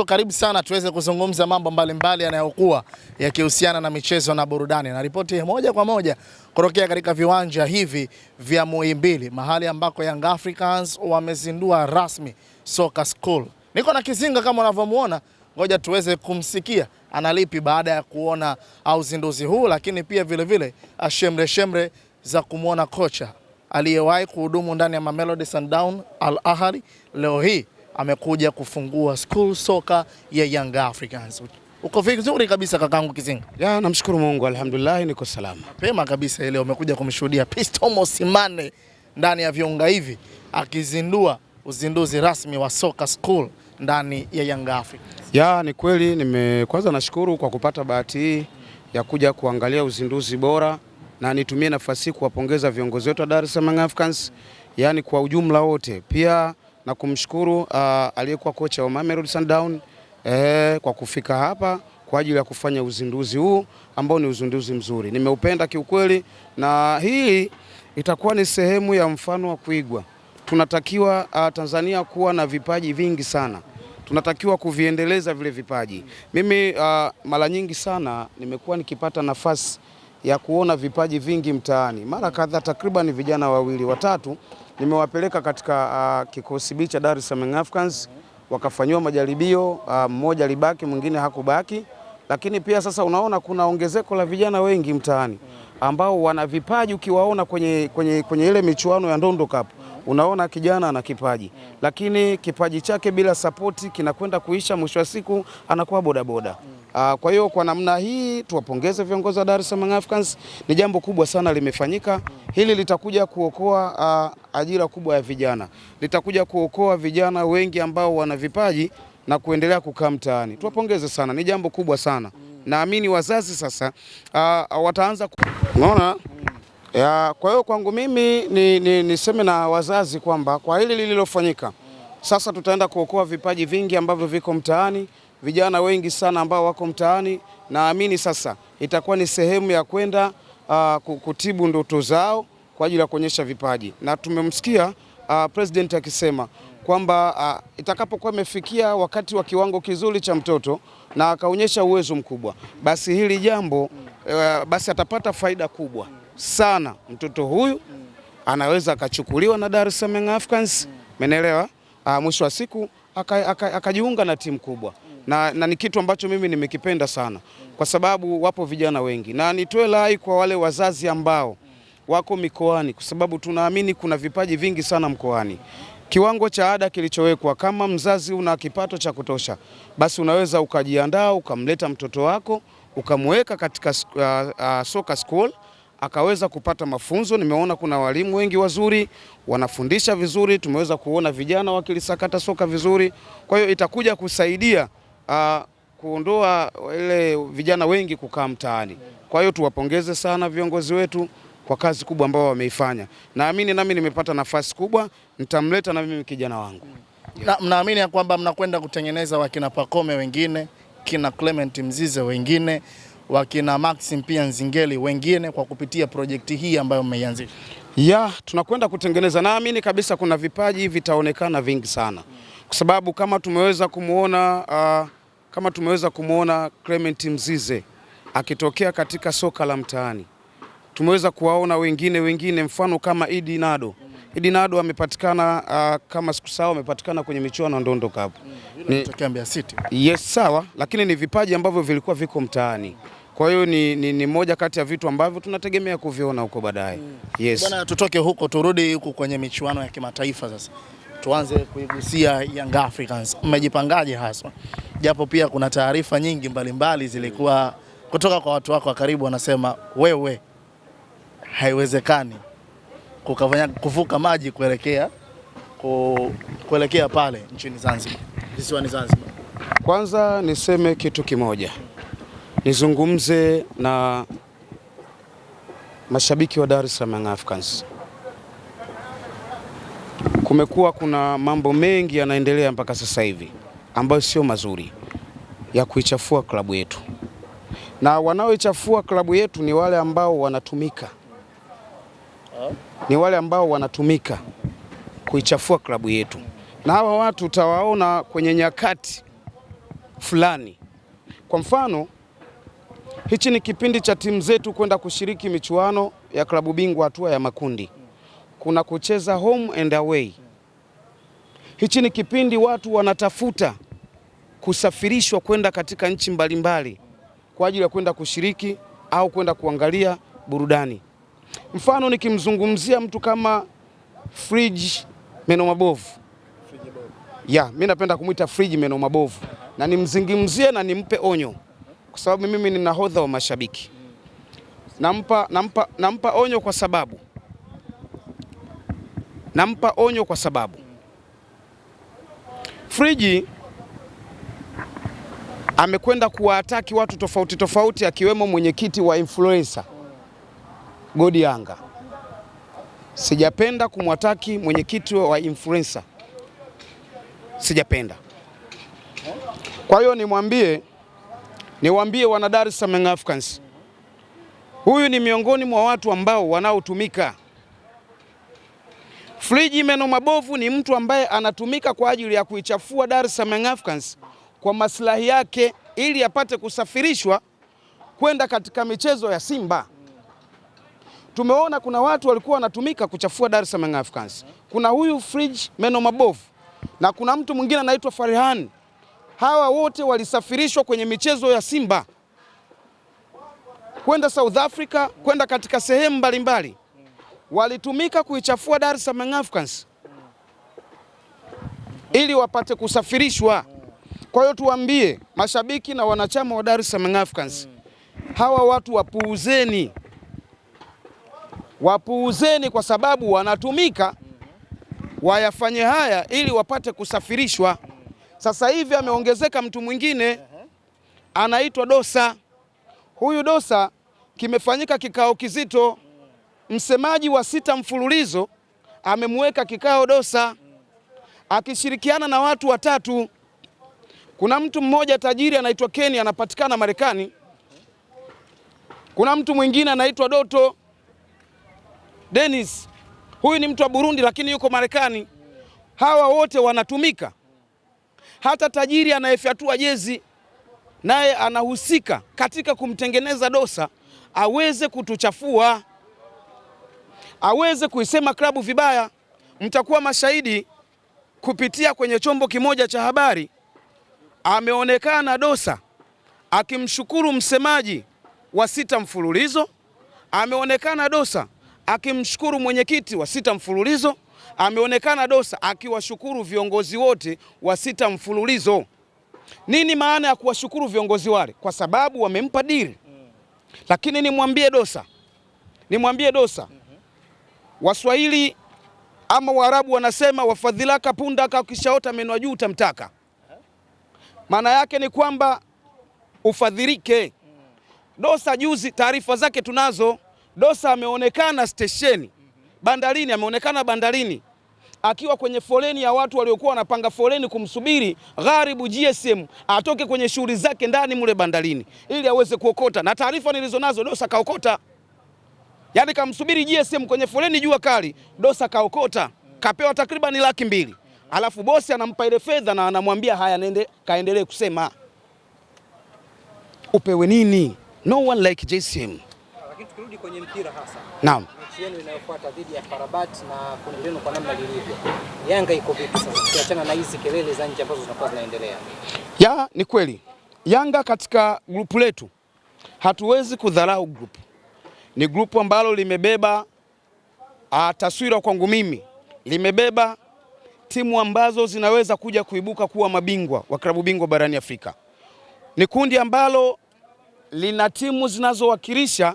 Mawazo, karibu sana tuweze kuzungumza mambo mbalimbali yanayokuwa yakihusiana na michezo na burudani, na ripoti moja kwa moja kutokea katika viwanja hivi vya Muhimbili, mahali ambako Young Africans wamezindua rasmi soccer school. Niko na Kizinga kama unavyomuona, ngoja tuweze kumsikia analipi baada ya kuona uzinduzi huu, lakini pia vilevile ah, shemre shemre za kumwona kocha aliyewahi kuhudumu ndani ya Mamelodi Sundown Al Ahly leo hii amekuja kufungua school soka ya Young Africans. Uko vizuri kabisa kakangu Kizinga? Ya, namshukuru Mungu alhamdulillah, niko salama. Mapema kabisa leo umekuja kumshuhudia Pisto Mosimane ndani ya viunga hivi akizindua uzinduzi rasmi wa soka school ndani ya Young Africans. Ya, ni kweli nime, kwanza nashukuru kwa kupata bahati hii ya kuja kuangalia uzinduzi bora na nitumie nafasi hii kuwapongeza viongozi wetu wa Dar es Salaam Africans, yaani kwa ujumla wote pia na kumshukuru uh, aliyekuwa kocha wa Mamelodi Sundowns eh, kwa kufika hapa kwa ajili ya kufanya uzinduzi huu ambao ni uzinduzi mzuri, nimeupenda kiukweli, na hii itakuwa ni sehemu ya mfano wa kuigwa. Tunatakiwa uh, Tanzania kuwa na vipaji vingi sana, tunatakiwa kuviendeleza vile vipaji. Mimi uh, mara nyingi sana nimekuwa nikipata nafasi ya kuona vipaji vingi mtaani mara kadhaa, takriban vijana wawili watatu Nimewapeleka katika uh, kikosi B cha Dar es Salaam Africans wakafanyiwa majaribio uh, mmoja alibaki mwingine hakubaki, lakini pia sasa unaona kuna ongezeko la vijana wengi mtaani ambao wana vipaji. Ukiwaona kwenye, kwenye, kwenye ile michuano ya Ndondo Cup unaona kijana ana kipaji, lakini kipaji chake bila sapoti kinakwenda kuisha, mwisho wa siku anakuwa bodaboda. Ah, kwa hiyo kwa namna hii tuwapongeze viongozi wa Dar es Salaam Africans, ni jambo kubwa sana limefanyika. Hili litakuja kuokoa ah, ajira kubwa ya vijana, litakuja kuokoa vijana wengi ambao wana vipaji na kuendelea kukaa mtaani. Tuwapongeze sana, ni jambo kubwa sana. Naamini wazazi sasa ah, wataanza unaona. Kwa hiyo kwangu mimi niseme ni, ni na wazazi kwamba kwa hili lililofanyika sasa tutaenda kuokoa vipaji vingi ambavyo viko mtaani vijana wengi sana ambao wako mtaani. Naamini sasa itakuwa ni sehemu ya kwenda uh, kutibu ndoto zao kwa ajili ya kuonyesha vipaji, na tumemsikia uh, president akisema kwamba uh, itakapokuwa imefikia wakati wa kiwango kizuri cha mtoto na akaonyesha uwezo mkubwa, basi hili jambo uh, basi atapata faida kubwa sana mtoto huyu anaweza akachukuliwa na Dar es Salaam Africans, menelewa, mwisho wa siku akajiunga aka, aka na timu kubwa na, na ni kitu ambacho mimi nimekipenda sana kwa sababu wapo vijana wengi, na nitoe lai kwa wale wazazi ambao wako mikoani, kwa sababu tunaamini kuna vipaji vingi sana mkoani. Kiwango cha ada kilichowekwa, kama mzazi una kipato cha kutosha, basi unaweza ukajiandaa ukamleta mtoto wako ukamweka katika uh, uh, soka school akaweza kupata mafunzo. Nimeona kuna walimu wengi wazuri wanafundisha vizuri, tumeweza kuona vijana wakilisakata soka vizuri, kwa hiyo itakuja kusaidia uh, kuondoa ile vijana wengi kukaa mtaani. Kwa hiyo tuwapongeze sana viongozi wetu kwa kazi kubwa ambayo wameifanya. Naamini nami nimepata nafasi kubwa, nitamleta na mimi kijana wangu. Mnaamini ya kwamba mnakwenda kutengeneza wakina Pakome wengine, kina Clement Mzize wengine, wakina Maxim pia Nzingeli wengine kwa kupitia projekti hii ambayo mmeianzisha? Ya, tunakwenda kutengeneza, naamini kabisa kuna vipaji vitaonekana vingi sana, kwa sababu kama tumeweza kumwona uh, ah, kama tumeweza kumwona Clement Mzize akitokea katika soka la mtaani, tumeweza kuwaona wengine wengine, mfano kama Idi Nado. Idi Nado amepatikana uh, kama sikusahau, amepatikana kwenye michuano ya Ndondo Cup Mbeya City. Yes, sawa, lakini ni vipaji ambavyo vilikuwa viko mtaani kwa hiyo ni, ni, ni moja kati ya vitu ambavyo tunategemea kuviona huko baadaye. Mm. Yes. Bwana, tutoke huko turudi huku kwenye michuano ya kimataifa sasa tuanze kuigusia Young Africans. Mmejipangaje haswa, japo pia kuna taarifa nyingi mbalimbali mbali zilikuwa kutoka kwa watu wako wa karibu, wanasema wewe, haiwezekani kukafanya kuvuka maji kuelekea kuelekea pale nchini Zanzibar, visiwani Zanzibar. Kwanza niseme kitu kimoja, nizungumze na mashabiki wa Dar es Salaam Young Africans kumekuwa kuna mambo mengi yanaendelea mpaka sasa hivi ambayo sio mazuri ya kuichafua klabu yetu, na wanaoichafua klabu yetu ni wale ambao wanatumika, ni wale ambao wanatumika kuichafua klabu yetu, na hawa watu utawaona kwenye nyakati fulani. Kwa mfano, hichi ni kipindi cha timu zetu kwenda kushiriki michuano ya klabu bingwa hatua ya makundi kuna kucheza home and away. Hichi ni kipindi watu wanatafuta kusafirishwa kwenda katika nchi mbalimbali kwa ajili ya kwenda kushiriki au kwenda kuangalia burudani. Mfano, nikimzungumzia mtu kama Friji Meno Mabovu, yeah, mi napenda kumwita Friji Meno Mabovu na nimzingimzie na nimpe onyo, kwa sababu mimi ni nahodha wa mashabiki. Nampa, nampa, nampa onyo kwa sababu Nampa onyo kwa sababu Friji amekwenda kuwaataki watu tofauti tofauti, akiwemo mwenyekiti wa influencer Godi Yanga. Sijapenda kumwataki mwenyekiti wa influencer, sijapenda. Kwa hiyo nimwambie, niwaambie wana Dar es Salaam Africans, huyu ni miongoni mwa watu ambao wanaotumika Friji meno mabovu ni mtu ambaye anatumika kwa ajili ya kuichafua Dar es Salaam Africans kwa maslahi yake ili apate kusafirishwa kwenda katika michezo ya Simba. Tumeona kuna watu walikuwa wanatumika kuchafua Dar es Salaam Africans. Kuna huyu Friji meno mabovu na kuna mtu mwingine anaitwa farihan Hawa wote walisafirishwa kwenye michezo ya Simba kwenda South Africa, kwenda katika sehemu mbalimbali walitumika kuichafua Dar es Salaam Africans ili wapate kusafirishwa. Kwa hiyo tuambie mashabiki na wanachama wa Dar es Salaam Africans, hawa watu wapuuzeni, wapuuzeni kwa sababu wanatumika wayafanye haya ili wapate kusafirishwa. Sasa hivi ameongezeka mtu mwingine anaitwa Dosa. Huyu Dosa kimefanyika kikao kizito msemaji wa sita mfululizo amemweka kikao Dosa akishirikiana na watu watatu. Kuna mtu mmoja tajiri anaitwa Keni, anapatikana Marekani. Kuna mtu mwingine anaitwa Doto Dennis, huyu ni mtu wa Burundi lakini yuko Marekani. Hawa wote wanatumika. Hata tajiri anayefyatua jezi naye anahusika katika kumtengeneza Dosa aweze kutuchafua aweze kuisema klabu vibaya. Mtakuwa mashahidi kupitia kwenye chombo kimoja cha habari, ameonekana Dosa akimshukuru msemaji wa sita mfululizo, ameonekana Dosa akimshukuru mwenyekiti wa sita mfululizo, ameonekana Dosa akiwashukuru viongozi wote wa sita mfululizo. Nini maana ya kuwashukuru viongozi wale? Kwa sababu wamempa dili. Lakini nimwambie Dosa, nimwambie Dosa Waswahili ama Waarabu wanasema wafadhilaka pundaka, ukishaota meno juu utamtaka. Maana yake ni kwamba ufadhilike. Dosa juzi, taarifa zake tunazo. Dosa ameonekana stesheni, bandarini, ameonekana bandarini akiwa kwenye foleni ya watu waliokuwa wanapanga foleni kumsubiri gharibu GSM atoke kwenye shughuli zake ndani mule bandarini ili aweze kuokota, na taarifa nilizonazo Dosa kaokota yaani kamsubiri GSM kwenye foleni jua kali, Dosa kaokota kapewa takriban laki mbili alafu bosi anampa ile fedha na anamwambia haya, nende kaendelee kusema upewe nini? No one like JCM. Lakini tukirudi kwenye mpira hasa, naam, mechi yenu inayofuata dhidi ya Farabat na kundi lenu kwa namna lilivyo, Yanga iko vipi sasa, Tukiachana na hizi kelele za nje ambazo zinakuwa zinaendelea? Ya ni kweli Yanga katika grupu letu hatuwezi kudharau grupu ni grupu ambalo limebeba a, ah, taswira kwangu mimi limebeba timu ambazo zinaweza kuja kuibuka kuwa mabingwa wa klabu bingwa barani Afrika. Ni kundi ambalo lina timu zinazowakilisha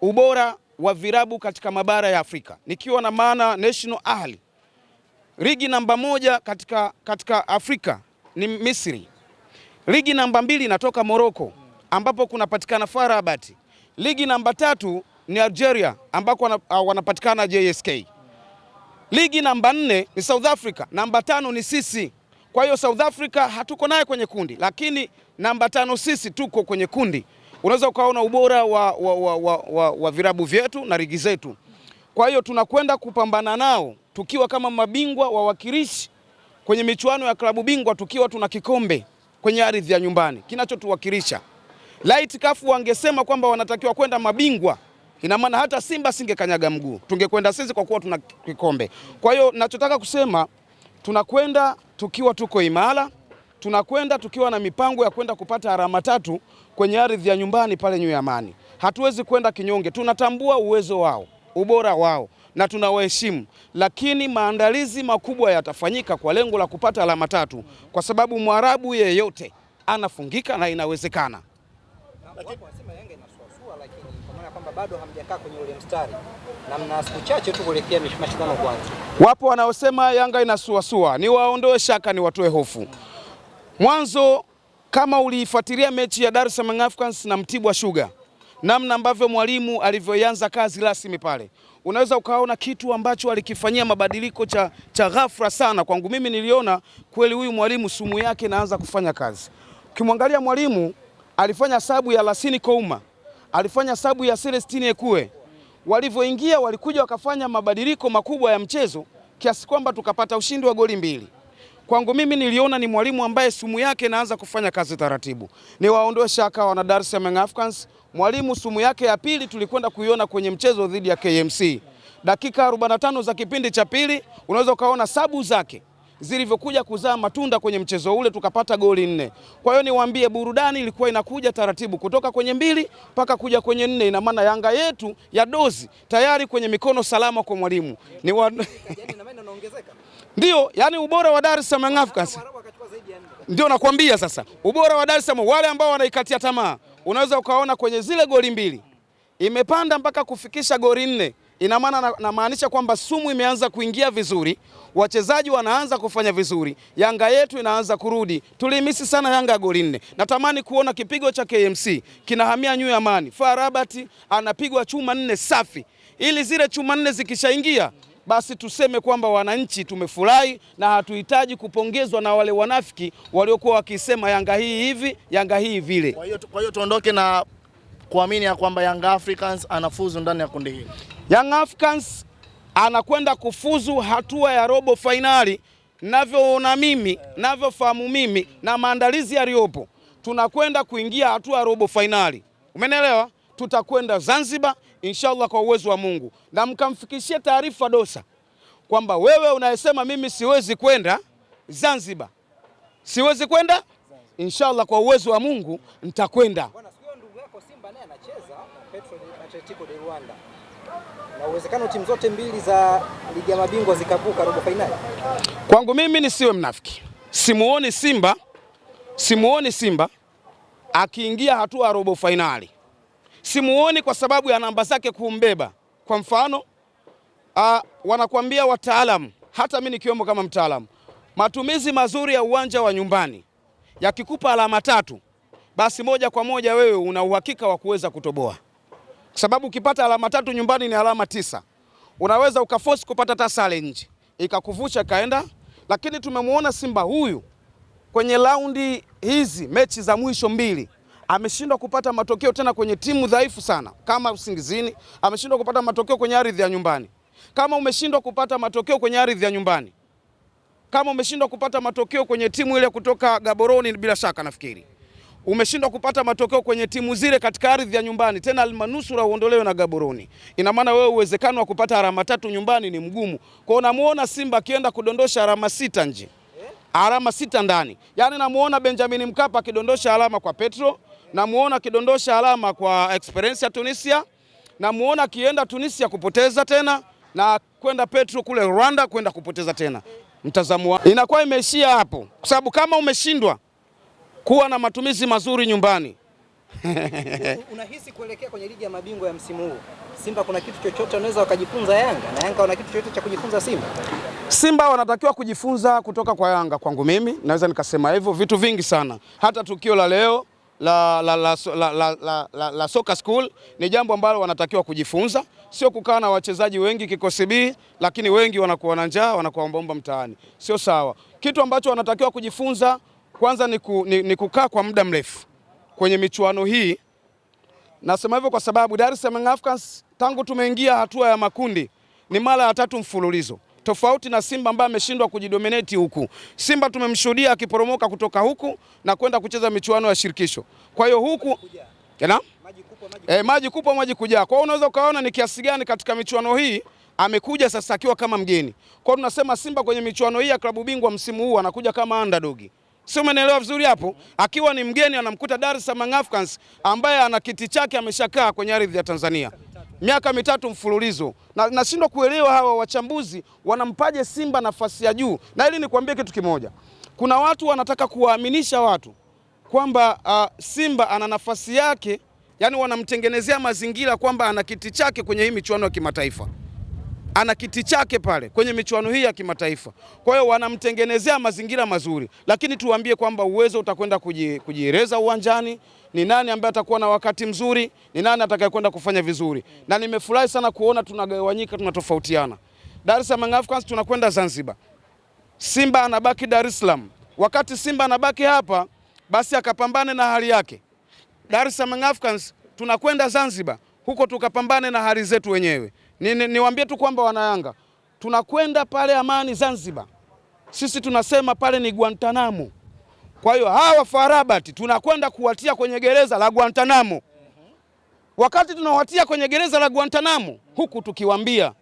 ubora wa virabu katika mabara ya Afrika, nikiwa na maana National Ahli, ligi namba moja katika, katika Afrika ni Misri, ligi namba mbili inatoka Moroko ambapo kunapatikana FAR Rabat Ligi namba tatu ni Algeria ambako uh, wanapatikana JSK. Ligi namba nne ni South Africa, namba tano ni sisi. Kwa hiyo South Africa hatuko naye kwenye kundi, lakini namba tano sisi tuko kwenye kundi. Unaweza ukaona ubora wa, wa, wa, wa, wa, wa virabu vyetu na ligi zetu. Kwa hiyo tunakwenda kupambana nao tukiwa kama mabingwa wawakilishi kwenye michuano ya klabu bingwa, tukiwa tuna kikombe kwenye ardhi ya nyumbani kinachotuwakilisha. Laiti kafu wangesema kwamba wanatakiwa kwenda mabingwa, ina maana hata Simba singekanyaga mguu, tungekwenda sisi kwa kuwa tuna kikombe. Kwa hiyo nachotaka kusema tunakwenda tukiwa tuko imara, tunakwenda tukiwa na mipango ya kwenda kupata alama tatu kwenye ardhi ya nyumbani pale ya Amani. Hatuwezi kwenda kinyonge, tunatambua uwezo wao, ubora wao na tunawaheshimu, lakini maandalizi makubwa yatafanyika kwa lengo la kupata alama tatu, kwa sababu mwarabu yeyote anafungika na inawezekana. Lakini Yanga inasuasua, lakini kwa maana kwamba bado hamjakaa kwenye ule mstari na mna siku chache tu kuelekea mashindano Wapo wanaosema Yanga inasuasua, ni waondoe shaka, ni watoe hofu. Mwanzo kama uliifuatilia mechi ya Dar es Salaam Africans na Mtibwa Sugar, namna ambavyo mwalimu alivyoanza kazi rasmi pale, unaweza ukaona kitu ambacho alikifanyia mabadiliko cha, cha ghafla sana. Kwangu mimi niliona kweli huyu mwalimu sumu yake inaanza kufanya kazi. Ukimwangalia mwalimu alifanya sabu ya Lasini Kouma, alifanya sabu ya Celestine Ekue. Walivyoingia walikuja wakafanya mabadiliko makubwa ya mchezo kiasi kwamba tukapata ushindi wa goli mbili. Kwangu mimi niliona ni mwalimu ambaye sumu yake inaanza kufanya kazi taratibu. Ni waondoe shaka wana Dar es Salaam Africans, mwalimu sumu yake ya pili tulikwenda kuiona kwenye mchezo dhidi ya KMC. Dakika 45 za kipindi cha pili unaweza ukaona sabu zake zilivyokuja kuzaa matunda kwenye mchezo ule, tukapata goli nne. Kwa hiyo niwaambie, burudani ilikuwa inakuja taratibu kutoka kwenye mbili mpaka kuja kwenye nne. Ina maana Yanga yetu ya dozi tayari kwenye mikono salama kwa mwalimu wa... Ndio, yani ubora wa Dar es Salaam Africans ndio nakwambia sasa, ubora wa Dar es Salaam. Wale ambao wanaikatia tamaa, unaweza ukaona kwenye zile goli mbili imepanda mpaka kufikisha goli nne ina maana namaanisha kwamba sumu imeanza kuingia vizuri, wachezaji wanaanza kufanya vizuri, Yanga yetu inaanza kurudi. Tulimisi sana Yanga ya goli nne. Natamani kuona kipigo cha KMC kinahamia nyu Amani. Far anapigwa chuma nne safi, ili zile chuma nne zikishaingia basi tuseme kwamba wananchi tumefurahi na hatuhitaji kupongezwa na wale wanafiki waliokuwa wakisema Yanga hii hivi Yanga hii vile. Kwa hiyo tuondoke na kuamini ya kwamba Young Africans anafuzu ndani ya kundi hili. Young Africans anakwenda kufuzu hatua ya robo fainali, navyoona mimi, navyofahamu mimi na maandalizi yaliyopo, tunakwenda kuingia hatua ya robo fainali, umenielewa? Tutakwenda Zanzibar inshallah kwa uwezo wa Mungu, na mkamfikishie taarifa Dosa kwamba wewe unayesema mimi siwezi kwenda Zanzibar, siwezi kwenda, inshallah kwa uwezo wa Mungu nitakwenda. Simba naye anacheza Petro de Atletico de Rwanda, na uwezekano timu zote mbili za ligi ya mabingwa zikavuka robo fainali. Kwangu mimi nisiwe mnafiki, simuoni Simba, simuoni Simba akiingia hatua ya robo fainali, simuoni kwa sababu ya namba zake kumbeba. Kwa mfano a, wanakuambia wataalamu, hata mimi nikiwemo kama mtaalamu, matumizi mazuri ya uwanja wa nyumbani yakikupa alama tatu basi moja kwa moja wewe una uhakika wa kuweza kutoboa, kwa sababu ukipata alama tatu nyumbani ni alama tisa. Unaweza ukaforce kupata hata sare nje ikakuvusha kaenda, lakini tumemwona Simba huyu kwenye raundi hizi mechi za mwisho mbili ameshindwa kupata matokeo tena kwenye timu dhaifu sana kama Usingizini, ameshindwa kupata matokeo kwenye ardhi ya nyumbani. Kama umeshindwa kupata matokeo kwenye ardhi ya nyumbani, kama umeshindwa kupata matokeo kwenye timu ile kutoka Gaboroni, bila shaka nafikiri umeshindwa kupata matokeo kwenye timu zile katika ardhi ya nyumbani, tena almanusura uondolewe na Gaboroni, ina maana wewe uwezekano wa kupata alama tatu nyumbani ni mgumu. Kwa unamuona Simba akienda kudondosha alama sita nje, alama sita ndani, yaani namuona Benjamin Mkapa akidondosha alama kwa Petro, namuona akidondosha alama kwa Experience ya Tunisia, namuona akienda Tunisia kupoteza tena na kwenda Petro kule Rwanda kwenda kupoteza tena. Mtazamo inakuwa imeishia hapo, kwa sababu kama umeshindwa kuwa na matumizi mazuri nyumbani. Unahisi kuelekea kwenye ligi ya mabingwa ya msimu huu Simba kuna kitu chochote wanaweza wakajifunza Yanga na Yanga wana kitu chochote cha kujifunza Simba? Simba wanatakiwa kujifunza kutoka kwa Yanga. Kwangu mimi naweza nikasema hivyo vitu vingi sana, hata tukio la leo la, la, la, la, la, la, la, la soka school ni jambo ambalo wanatakiwa kujifunza, sio kukaa na wachezaji wengi kikosi B, lakini wengi wanakuwa na njaa wanakuwa ombaomba mtaani, sio sawa. Kitu ambacho wanatakiwa kujifunza kwanza ni, ku, ni, ni kukaa kwa muda mrefu kwenye michuano hii. Nasema hivyo kwa sababu Dar es Salaam Africans tangu tumeingia hatua ya makundi ni mara ya tatu mfululizo, tofauti na Simba ambaye ameshindwa kujidominate huku. Simba tumemshuhudia akiporomoka kutoka huku na kwenda kucheza michuano ya shirikisho. Kwa hiyo huku eh, maji kupo maji kujaa. Kwa hiyo unaweza ukaona ni kiasi gani katika michuano hii amekuja sasa akiwa kama mgeni. Kwa hiyo tunasema Simba kwenye michuano hii ya klabu bingwa msimu huu anakuja kama underdog. Sio, umeelewa vizuri hapo. Akiwa ni mgeni anamkuta Dar es Salaam Africans ambaye ana kiti chake ameshakaa kwenye ardhi ya Tanzania miaka mitatu mfululizo, na nashindwa kuelewa hawa wachambuzi wanampaje Simba nafasi ya juu. Na ili nikwambie kitu kimoja, kuna watu wanataka kuwaaminisha watu kwamba uh, Simba ana nafasi yake, yani wanamtengenezea mazingira kwamba ana kiti chake kwenye hii michuano ya kimataifa ana kiti chake pale kwenye michuano hii ya kimataifa. Kwa hiyo wanamtengenezea mazingira mazuri, lakini tuambie kwamba uwezo utakwenda kujieleza uwanjani. Ni nani ambaye atakuwa na wakati mzuri, ni nani atakayekwenda kufanya vizuri, na nimefurahi sana kuona tunagawanyika, tunatofautiana. Dar es Salaam Africans tunakwenda Zanzibar, Simba anabaki Dar es Salaam. Wakati Simba anabaki hapa, basi akapambane na hali yake. Dar es Salaam Africans tunakwenda Zanzibar, huko tukapambane na hali zetu wenyewe. Niwaambie ni, ni tu kwamba Wanayanga tunakwenda pale Amani Zanzibar, sisi tunasema pale ni Guantanamo. Kwa hiyo hawa farabati tunakwenda kuwatia kwenye gereza la Guantanamo. Wakati tunawatia kwenye gereza la Guantanamo, huku tukiwambia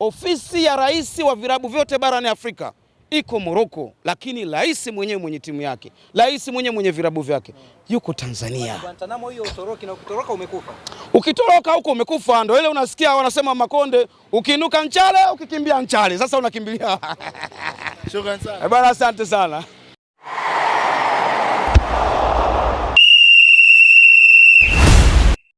ofisi ya rais wa virabu vyote barani Afrika iko Moroko, lakini rais mwenyewe mwenye timu yake, rais mwenyewe mwenye virabu vyake yuko Tanzania. Ukitoroka huko umekufa, ndio ile unasikia wanasema Makonde, ukiinuka Nchale, ukikimbia Nchale. Sasa unakimbilia eh, bwana. Asante sana.